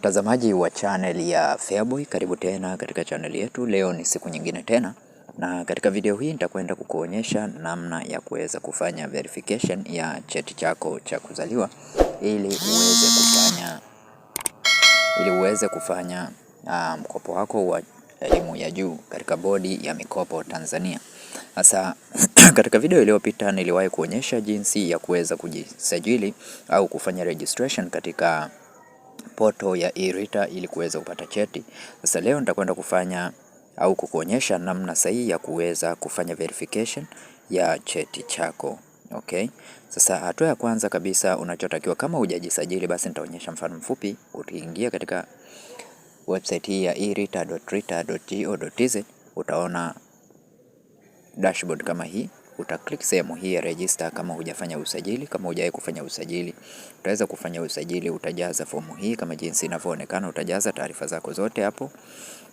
Mtazamaji wa channel ya Feaboy, karibu tena katika channel yetu. Leo ni siku nyingine tena, na katika video hii nitakwenda kukuonyesha namna ya kuweza kufanya verification ya cheti chako cha kuzaliwa ili uweze kufanya, ili uweze kufanya uh, mkopo wako wa elimu ya juu katika bodi ya mikopo Tanzania. Sasa katika video iliyopita niliwahi kuonyesha jinsi ya kuweza kujisajili au kufanya registration katika poto ya e ili kuweza kupata cheti. Sasa leo nitakwenda kufanya au kukuonyesha namna sahihi ya kuweza kufanya verification ya cheti chako. Okay. Sasa hatua ya kwanza kabisa unachotakiwa kama hujajisajili basi nitaonyesha mfano mfupi. Utaingia katika website hii ya e utaona dashboard kama hii uta click sehemu hii ya register kama hujafanya usajili. Kama hujawahi kufanya usajili, utaweza kufanya usajili, utajaza fomu hii kama jinsi inavyoonekana, utajaza taarifa zako zote hapo.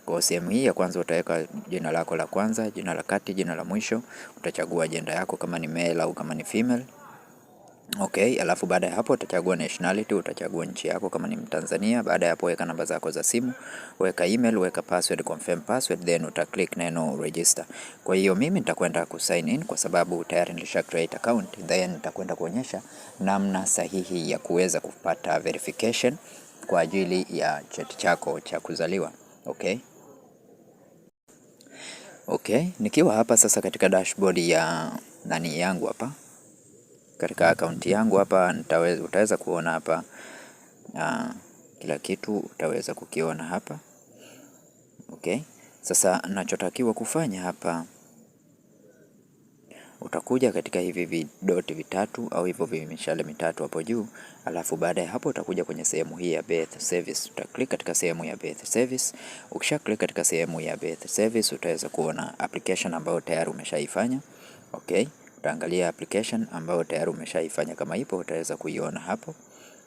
Kwa sehemu hii ya kwanza utaweka jina lako la kwanza, jina la kati, jina la mwisho. Utachagua ajenda yako kama ni male au kama ni female. Okay, alafu baada ya hapo utachagua nationality, utachagua nchi yako kama ni Mtanzania. Baada ya hapo weka namba zako za simu, weka email, weka password, confirm password, then uta click neno register. Kwa hiyo mimi nitakwenda ku sign in kwa sababu tayari nilisha create account, then nitakwenda kuonyesha namna sahihi ya kuweza kupata verification kwa ajili ya cheti chako cha kuzaliwa. Okay. Okay, nikiwa hapa sasa katika dashboard ya nani yangu hapa katika akaunti yangu hapa nitaweza, utaweza kuona hapa uh, kila kitu utaweza kukiona hapa okay. Sasa nachotakiwa kufanya hapa, utakuja katika hivi vidoti vitatu au hivyo vimishale mitatu hapo juu, alafu baada ya hapo utakuja kwenye sehemu hii ya Birth Service, utaklik katika sehemu ya Birth Service. Ukisha katika sehemu ya Birth Service utaweza kuona application ambayo tayari umeshaifanya okay utaangalia application ambayo tayari umeshaifanya, kama ipo utaweza kuiona hapo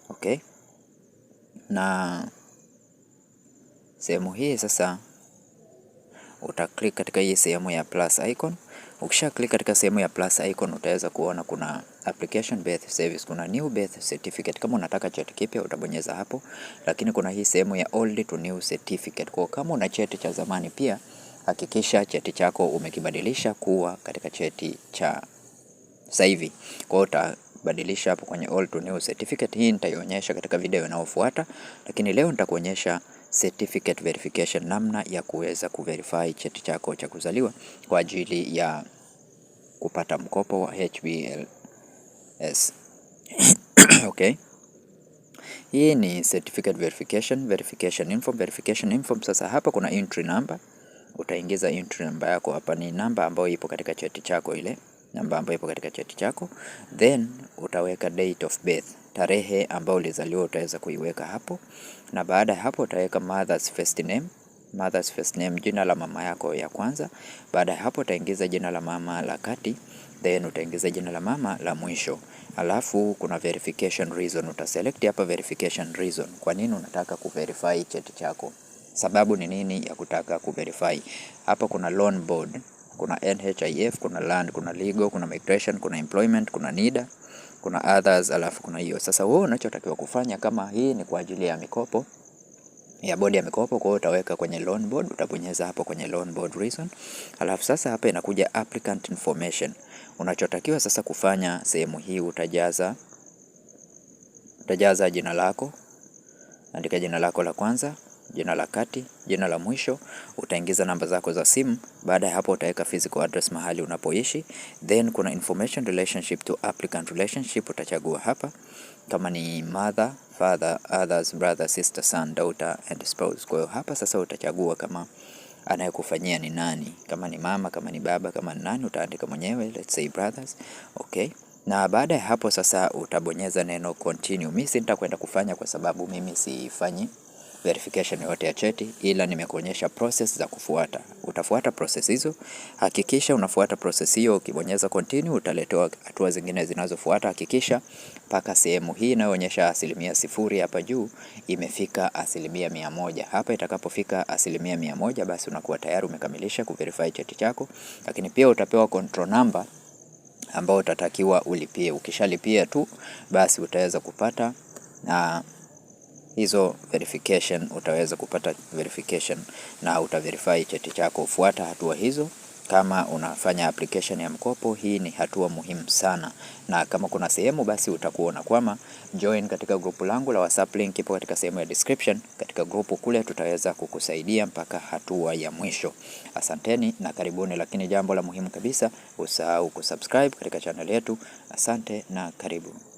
okay. Na sehemu hii sasa uta click katika hii sehemu ya plus icon. Ukisha click katika sehemu ya plus icon utaweza kuona kuna application birth service, kuna new birth certificate. Kama unataka cheti kipya utabonyeza hapo, lakini kuna hii sehemu ya old to new certificate. Kwa kama una cheti cha zamani pia hakikisha cheti chako umekibadilisha kuwa katika cheti cha sasa hivi. Kwa hiyo utabadilisha hapo kwenye all to new certificate. Hii nitaionyesha katika video inayofuata, lakini leo nitakuonyesha certificate verification, namna ya kuweza kuverify cheti chako cha kuzaliwa kwa ajili ya kupata mkopo wa HBLS. Okay. Hii ni certificate verification, verification info, verification info. Sasa hapa kuna entry number, utaingiza entry number yako hapa, ni namba ambayo ipo katika cheti chako ile namba ambayo ipo katika cheti chako, then utaweka date of birth, tarehe ambayo ulizaliwa utaweza kuiweka hapo, na baada ya hapo utaweka mother's first name mother's first name, jina la mama yako ya kwanza. Baada ya hapo utaingiza jina la mama la kati, then utaingiza jina la mama la mwisho, alafu kuna verification reason. Utaselect hapa verification reason, kwa nini unataka kuverify cheti chako, sababu ni nini ya kutaka kuverify. Hapa kuna loan board kuna NHIF, kuna land, kuna legal, kuna migration, kuna employment, kuna NIDA, kuna others, alafu kuna hiyo. Sasa wewe unachotakiwa kufanya kama hii ni kwa ajili ya mikopo ya bodi ya mikopo. Kwa hiyo utaweka kwenye loan board, utabonyeza hapo kwenye loan board reason, alafu sasa hapa inakuja applicant information. Unachotakiwa sasa kufanya sehemu hii utajaza, utajaza jina lako, andika jina lako la kwanza jina la kati, jina la mwisho, utaingiza namba zako za simu. Baada ya hapo utaweka physical address mahali unapoishi, then kuna information relationship to applicant relationship utachagua hapa, kama ni mother, father, others, brother, sister, son, daughter and spouse. Kwa hiyo hapa sasa utachagua kama anayekufanyia ni nani, kama ni mama, kama ni baba, kama ni nani, utaandika mwenyewe, let's say brothers. Okay na baada ya hapo sasa utabonyeza neno continue. Mimi sitakwenda kufanya kwa sababu mimi sifanyi verification yote ya cheti, ila nimekuonyesha process za kufuata. Utafuata process hizo, hakikisha unafuata process hiyo. Ukibonyeza continue, utaletewa hatua zingine zinazofuata. Hakikisha mpaka sehemu hii inayoonyesha asilimia sifuri hapa juu imefika asilimia mia moja. Hapa itakapofika asilimia mia moja, basi unakuwa tayari umekamilisha kuverify cheti chako, lakini pia utapewa control number ambao utatakiwa ulipie. Ukishalipia tu basi utaweza kupata na hizo verification, utaweza kupata verification na utaverify cheti chako. Fuata hatua hizo kama unafanya application ya mkopo. Hii ni hatua muhimu sana, na kama kuna sehemu basi utakuona kwama join katika grupu langu la WhatsApp, link ipo katika sehemu ya description. Katika grupu kule tutaweza kukusaidia mpaka hatua ya mwisho. Asanteni na karibuni, lakini jambo la muhimu kabisa, usahau kusubscribe katika channel yetu. Asante na karibu.